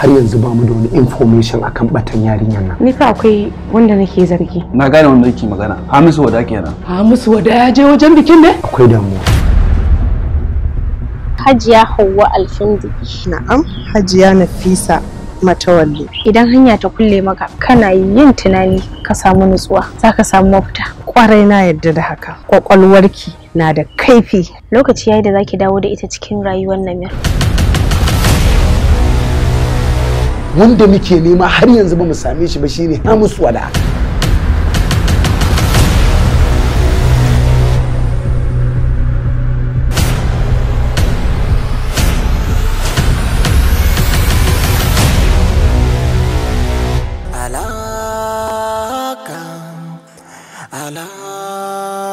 har yanzu ba mu da wani information akan batan yarinyar nan ni fa akwai wanda nake zargi na gane wanda yake magana Hamisu Wada kenan Hamisu Wada ya je wajen bikin ne akwai damuwa Hajiya Hauwa Alfindi na'am Hajiya Nafisa matawalli idan hanya ta kulle maka kana yin tunani ka samu nutsuwa za ka samu mafita kwarai na yadda da haka kwakwalwarki na da kaifi lokaci yayi da zaki dawo da ita cikin rayuwar namir wanda muke nema har yanzu ba mu same shi ba shine hamus wada alaka alaka